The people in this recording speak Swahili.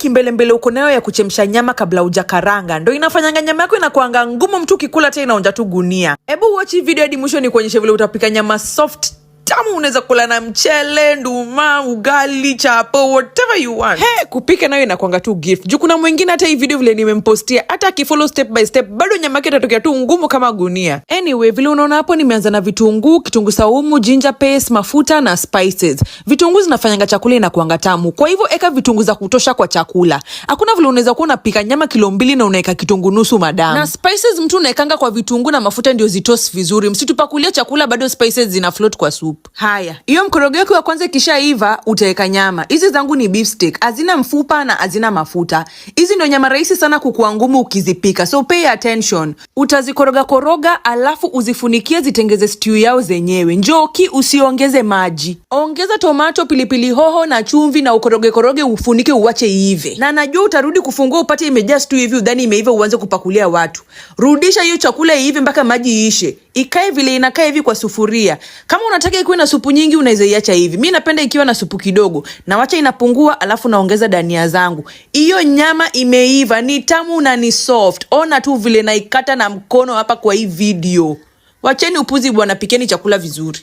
kimbelembele uko nayo ya kuchemsha nyama kabla ujakaranga ndo inafanyanga nyama yako inakuanga ngumu, mtu ukikula tena inaonja tu gunia. Hebu watch video hadi mwisho, ni kuonyesha vile utapika nyama soft tamu, unaweza kula na mchele, nduma, ugali, chapo, whatever you want. Hey, kupika nayo inakwanga tu gift juu kuna mwingine hata hii video vile nimempostia, hata akifollow step by step bado nyama yake itatokea tu ngumu kama gunia. Anyway, vile unaona hapo nimeanza na vitunguu, kitunguu saumu, ginger paste, mafuta na spices. Vitunguu zinafanyanga chakula inakuanga tamu, kwa hivyo eka vitunguu za kutosha kwa chakula. Hakuna vile unaweza kuwa unapika nyama kilo mbili na unaweka kitunguu nusu madamu. Na spices mtu unaekanga kwa vitunguu na mafuta ndio zitos vizuri, msitupakulia chakula bado spices zina float kwa soup Haya, hiyo mkorogo yako ya kwanza ikishaiva utaweka nyama. Hizi zangu ni beef steak, hazina mfupa na hazina mafuta. Hizi ndio nyama rahisi sana kukuwa ngumu ukizipika, so pay attention. Utazikoroga koroga, alafu uzifunikie zitengeze stew yao zenyewe. Njoki, usiongeze maji, ongeza tomato, pilipili hoho na chumvi, na ukoroge koroge, ufunike, uwache iive. Na najua utarudi kufungua upate imejaa stew hivi, udhani imeiva, uanze kupakulia watu. Rudisha hiyo chakula iive mpaka maji iishe ikae vile inakaa hivi kwa sufuria. Kama unataka ikuwe na supu nyingi unaweza iacha hivi. mi napenda ikiwa na supu kidogo. na wacha inapungua alafu naongeza dania zangu. Hiyo nyama imeiva, ni tamu na ni soft. Ona tu vile naikata na mkono hapa kwa hii video. Wacheni upuzi bwana, pikeni chakula vizuri.